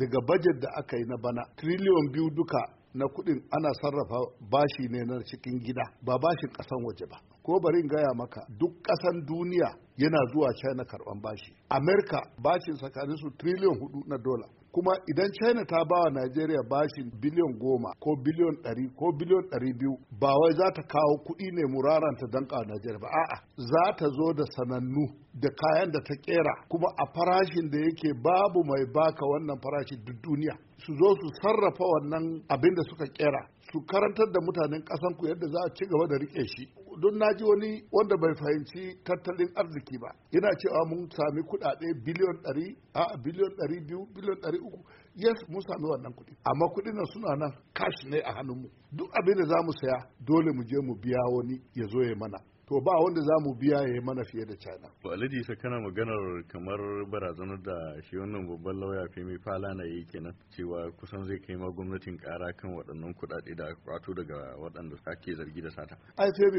daga bajet da aka yi na bana triliyon biyu duka na kudin ana sarrafa bashi ne na cikin gida ba bashin kasan waje ba ko bari in gaya maka duk kasan duniya yana zuwa china karban bashi Amurka bashin tsakaninsu su triliyon hudu na dola kuma idan china ta ba wa najeriya bashin biliyon goma ko biliyon ɗari ko biliyon ɗari biyu ba wai za ta kawo kuɗi ne muraranta don kawo najeriya ba a'a za ta zo da sanannu da kayan da ta kera kuma a farashin da yake babu mai baka wannan farashin duk duniya su zo su sarrafa wannan abin da suka kera ku karantar da mutanen ƙasan ku yadda za a ci gaba da rike shi don ji wani wanda bai fahimci tattalin arziki ba yana cewa mun sami kuɗaɗe biliyon ɗari a biliyon ɗari biyu biliyon ɗari uku yes mun sami wannan kuɗi amma kuɗin nan suna nan kashi ne a hannunmu duk abin da za mu saya dole mu je mu biya wani ya zo ya mana to ba wanda za mu biya ya yi mana fiye da china to alhaji sa kana maganar kamar barazanar da shi wannan babban lauya fala na yi kenan cewa kusan zai kai ma gwamnatin kara kan waɗannan kuɗaɗe da kwato daga waɗanda ake zargi da sata ai femi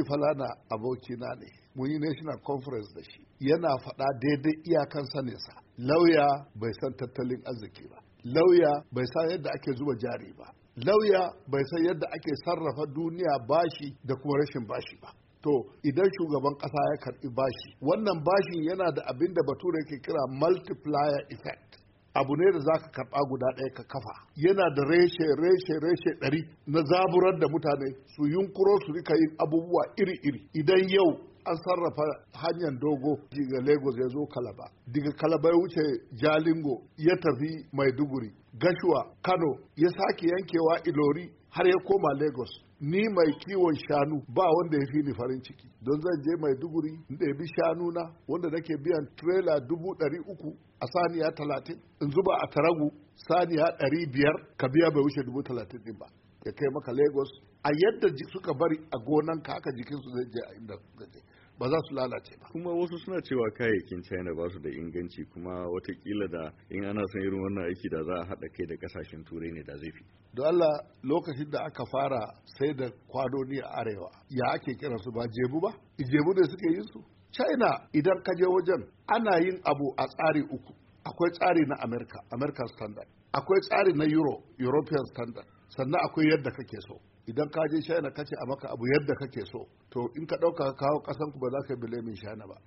aboki na ne mun yi national conference da shi yana faɗa daidai iyakan saninsa lauya bai san tattalin arziki ba lauya bai san yadda ake zuba jari ba lauya bai san yadda ake sarrafa duniya bashi da kuma rashin bashi ba to idan shugaban kasa ya karbi bashi wannan bashin yana da abin da bature ke kira multiplier effect abu ne da za ka karba guda ɗaya ka kafa yana da reshe reshe reshe ɗari na zaburar da mutane su yunkuro su rika yin abubuwa iri iri idan yau an sarrafa hanyar dogo daga lagos ya zo kalaba daga kalaba ya wuce jalingo ya tafi maiduguri gashuwa kano ya sake yankewa ilori har ya koma lagos ni mai kiwon shanu ba wanda ya fi ni farin ciki don zan je mai duguri inda ya bi shanu na wanda nake biyan trela dubu ɗari uku a saniya talatin in zuba a taragu saniya ɗari biyar ka biya bai wuce dubu talatin ɗin ba ya kai maka lagos a yadda suka bari a gonanka haka jikinsu zai je a inda je ba za su lalace ba kuma wasu suna cewa kayayyakin china ba su da inganci kuma watakila da in ana son irin wannan aiki da za a haɗa kai da kasashen turai ne da zai fi don allah lokacin da aka fara sai da kwadoni a arewa ya ake kiran su ba jebu ba jebu ne suke yin su china idan ka je wajen ana yin abu a tsari uku akwai tsari na america american standard akwai tsari na euro european standard sannan akwai yadda kake so idan ka je china kace a maka abu yadda kake so to in ka ɗauka kawo ƙasan ku ba za ka yi bilemin china ba